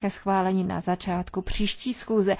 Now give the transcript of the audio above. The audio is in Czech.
ke schválení na začátku příští schůze.